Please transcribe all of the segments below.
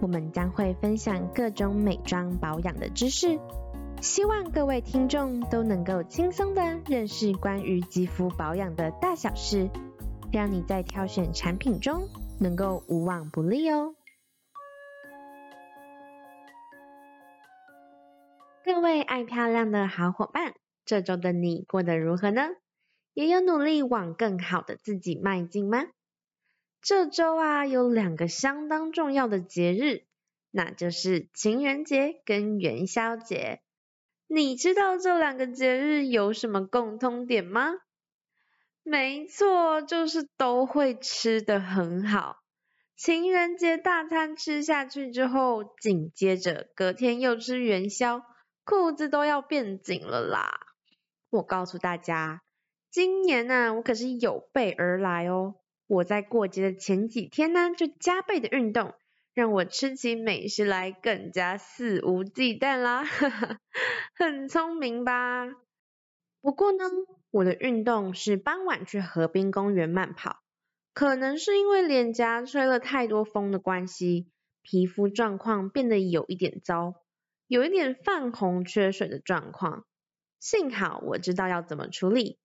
我們將會分享各種美妝保養的知識，希望各位聽眾都能夠輕鬆地認識關於肌膚保養的大小事，讓你在挑選產品中能夠無往不利哦。各位愛漂亮的好夥伴，這周的你過得如何呢？也有努力往更好的自己邁進嗎？這週啊，有兩個相當重要的節日，那就是情人節跟元宵節。你知道這兩個節日有什麼共通點嗎？沒錯，就是都會吃得很好。情人節大餐吃下去之後，緊接着隔天又吃元宵，褲子都要變緊了啦。我告訴大家，今年呢、啊，我可是有備而來哦。我在過節的前幾天呢，就加倍的運動，讓我吃起美食來更加肆無忌憚啦，哈哈，很聰明吧？不過呢，我的運動是傍晚去河濱公園慢跑，可能是因為臉頰吹了太多風的關係，皮膚狀況變得有一點糟，有一點泛紅、缺水的狀況，幸好我知道要怎麼處理。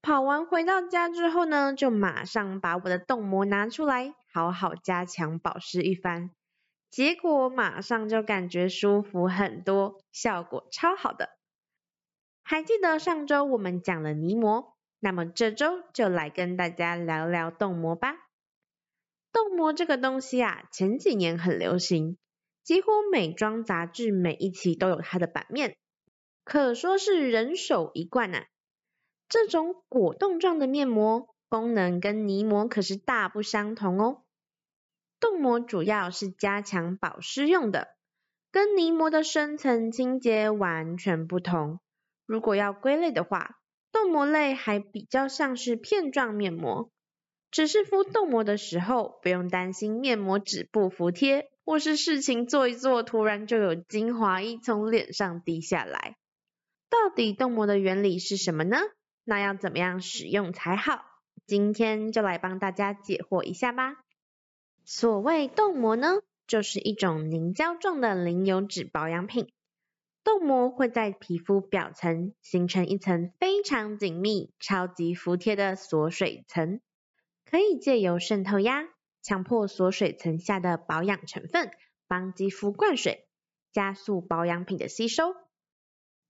跑完回到家之後呢，就馬上把我的凍膜拿出來，好好加強保濕一番。結果馬上就感覺舒服很多，效果超好的。還記得上週我們講了泥膜，那麼這週就來跟大家聊聊凍膜吧。凍膜這個東西啊，前幾年很流行，幾乎美妝雜誌每一期都有它的版面，可說是人手一罐啊。這種果凍狀的面膜，功能跟泥膜可是大不相同哦。凍膜主要是加強保濕用的，跟泥膜的深層清潔完全不同。如果要歸類的話，凍膜類還比較像是片狀面膜，只是敷凍膜的時候，不用擔心面膜紙不服帖，或是事情做一做，突然就有精華液從臉上滴下來。到底凍膜的原理是什麼呢？那要怎麼樣使用才好？今天就來幫大家解惑一下吧。所謂凍膜呢，就是一種凝膠狀的零油脂保養品。凍膜會在皮膚表層形成一層非常緊密、超級服帖的鎖水層，可以借由滲透壓，強迫鎖水層下的保養成分幫肌膚灌水，加速保養品的吸收。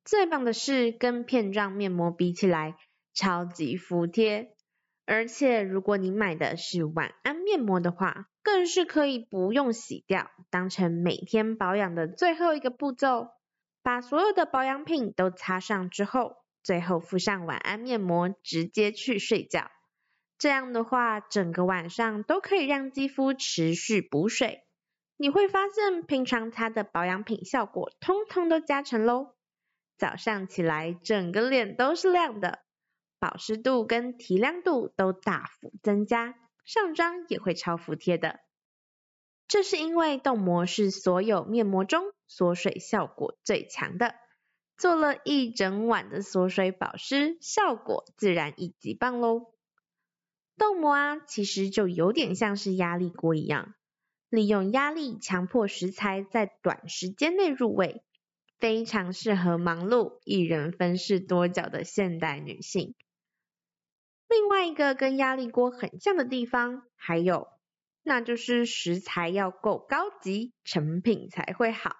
最棒的是，跟片狀面膜比起來，超級服帖，而且如果你買的是晚安面膜的話，更是可以不用洗掉，當成每天保養的最後一個步驟。把所有的保養品都擦上之後，最後敷上晚安面膜，直接去睡覺。這樣的話，整個晚上都可以讓肌膚持續補水。你會發現，平常擦的保養品效果通通都加成嘍。早上起來，整個臉都是亮的。保濕度跟提亮度都大幅增加，上妝也會超服帖的。這是因為凍膜是所有面膜中鎖水效果最強的，做了一整晚的鎖水保濕，效果自然一級棒嘍。凍膜啊，其實就有點像是壓力鍋一樣，利用壓力強迫食材在短時間內入味，非常適合忙碌、一人分飾多角的現代女性。另外一個跟壓力鍋很像的地方，還有，那就是食材要夠高級，成品才會好。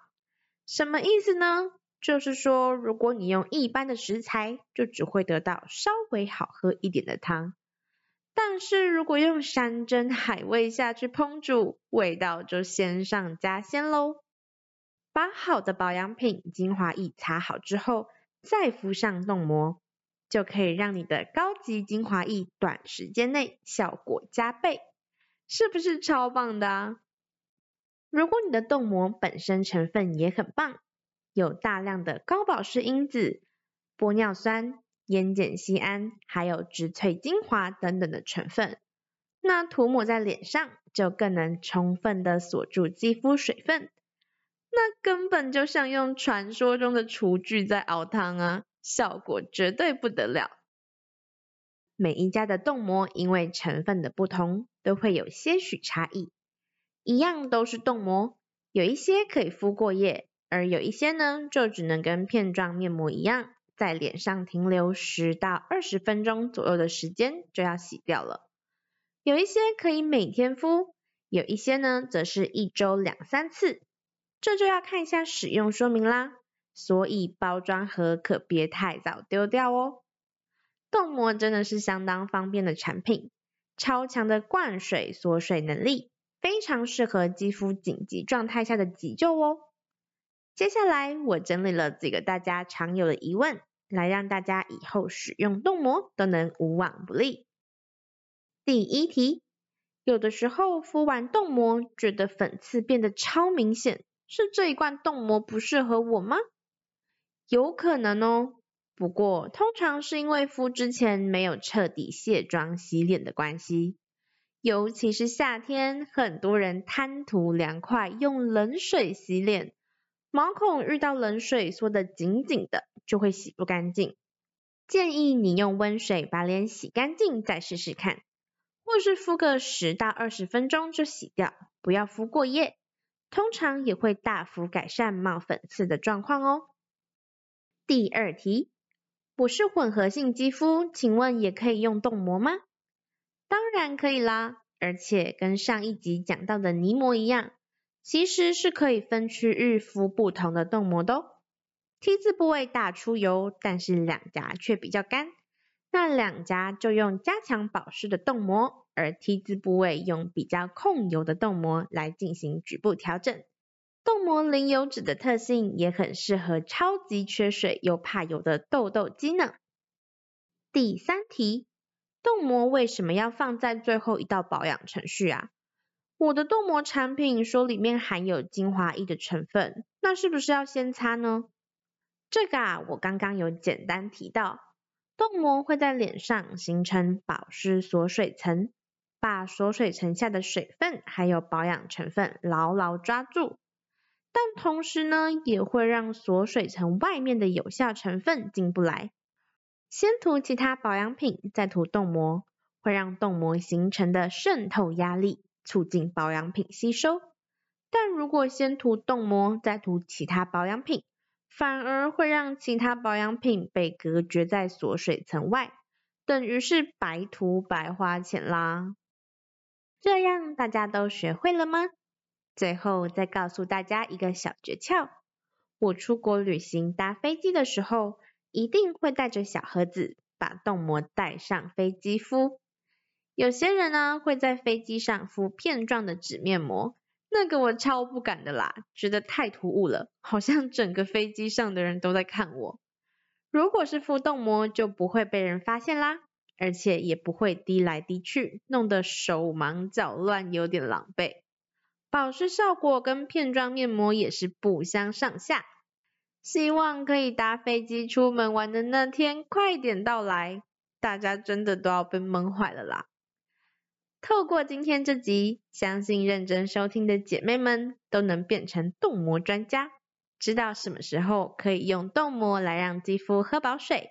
什麼意思呢？就是說，如果你用一般的食材，就只會得到稍微好喝一點的湯。但是如果用山珍海味下去烹煮，味道就鮮上加鮮嘍。把好的保養品精華液擦好之後，再敷上凍膜。就可以讓你的高級精華液短時間內效果加倍，是不是超棒的啊？如果你的凍膜本身成分也很棒，有大量的高保濕因子、玻尿酸、菸鹼醯胺，還有植萃精華等等的成分，那塗抹在臉上就更能充分的鎖住肌膚水分，那根本就像用傳說中的廚具在熬湯啊！效果絕對不得了。每一家的凍膜因為成分的不同，都會有些許差異。一樣都是凍膜，有一些可以敷過夜，而有一些呢，就只能跟片狀面膜一樣，在臉上停留十到二十分鐘左右的時間就要洗掉了。有一些可以每天敷，有一些呢，則是一周兩三次。這就要看一下使用說明啦。所以包裝盒可別太早丟掉哦。凍膜真的是相當方便的產品，超強的灌水、鎖水能力，非常適合肌膚緊急狀態下的急救哦。接下來我整理了幾個大家常有的疑問，來讓大家以後使用凍膜都能無往不利。第一題，有的時候敷完凍膜，覺得粉刺變得超明顯，是這一罐凍膜不適合我嗎？有可能哦，不過通常是因為敷之前沒有徹底卸妝洗臉的關係，尤其是夏天，很多人貪圖涼快用冷水洗臉，毛孔遇到冷水縮得緊緊的，就會洗不乾淨。建議你用溫水把臉洗乾淨再試試看，或是敷個十到二十分鐘就洗掉，不要敷過夜，通常也會大幅改善冒粉刺的狀況哦。第二題，我是混合性肌膚，請問也可以用凍膜嗎？當然可以啦，而且跟上一集講到的泥膜一樣，其實是可以分區域敷不同的凍膜的哦。T 字部位大出油，但是兩頰卻比較乾，那兩頰就用加強保濕的凍膜，而 T 字部位用比較控油的凍膜來進行局部調整。凍膜零油脂的特性也很適合超級缺水又怕油的痘痘肌呢。第三題，凍膜為什麼要放在最後一道保養程序啊？我的凍膜產品說裡面含有精華液的成分，那是不是要先擦呢？這個啊，我剛剛有簡單提到，凍膜會在臉上形成保濕鎖水層，把鎖水層下的水分還有保養成分牢牢抓住。但同時呢，也會讓鎖水層外面的有效成分進不來。先塗其他保養品，再塗凍膜，會讓凍膜形成的滲透壓力促進保養品吸收。但如果先塗凍膜，再塗其他保養品，反而會讓其他保養品被隔絕在鎖水層外，等於是白塗白花錢啦。這樣大家都學會了嗎？最後再告訴大家一個小訣竅，我出國旅行搭飛機的時候，一定會帶着小盒子，把凍膜帶上飛機敷。有些人呢會在飛機上敷片狀的紙面膜，那個我超不敢的啦，覺得太突兀了，好像整個飛機上的人都在看我。如果是敷凍膜，就不會被人發現啦，而且也不會滴來滴去，弄得手忙腳亂，有點狼狽。保濕效果跟片狀面膜也是不相上下，希望可以搭飛機出門玩的那天快點到來，大家真的都要被悶壞了啦！透過今天這集，相信認真收聽的姐妹們，都能變成凍膜專家，知道什麼時候可以用凍膜來讓肌膚喝飽水，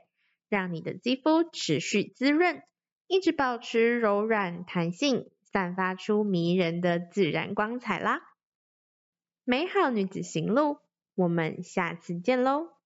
讓你的肌膚持續滋潤，一直保持柔軟彈性，散發出迷人的自然光彩啦！美好女子行路，我們下次見嘍！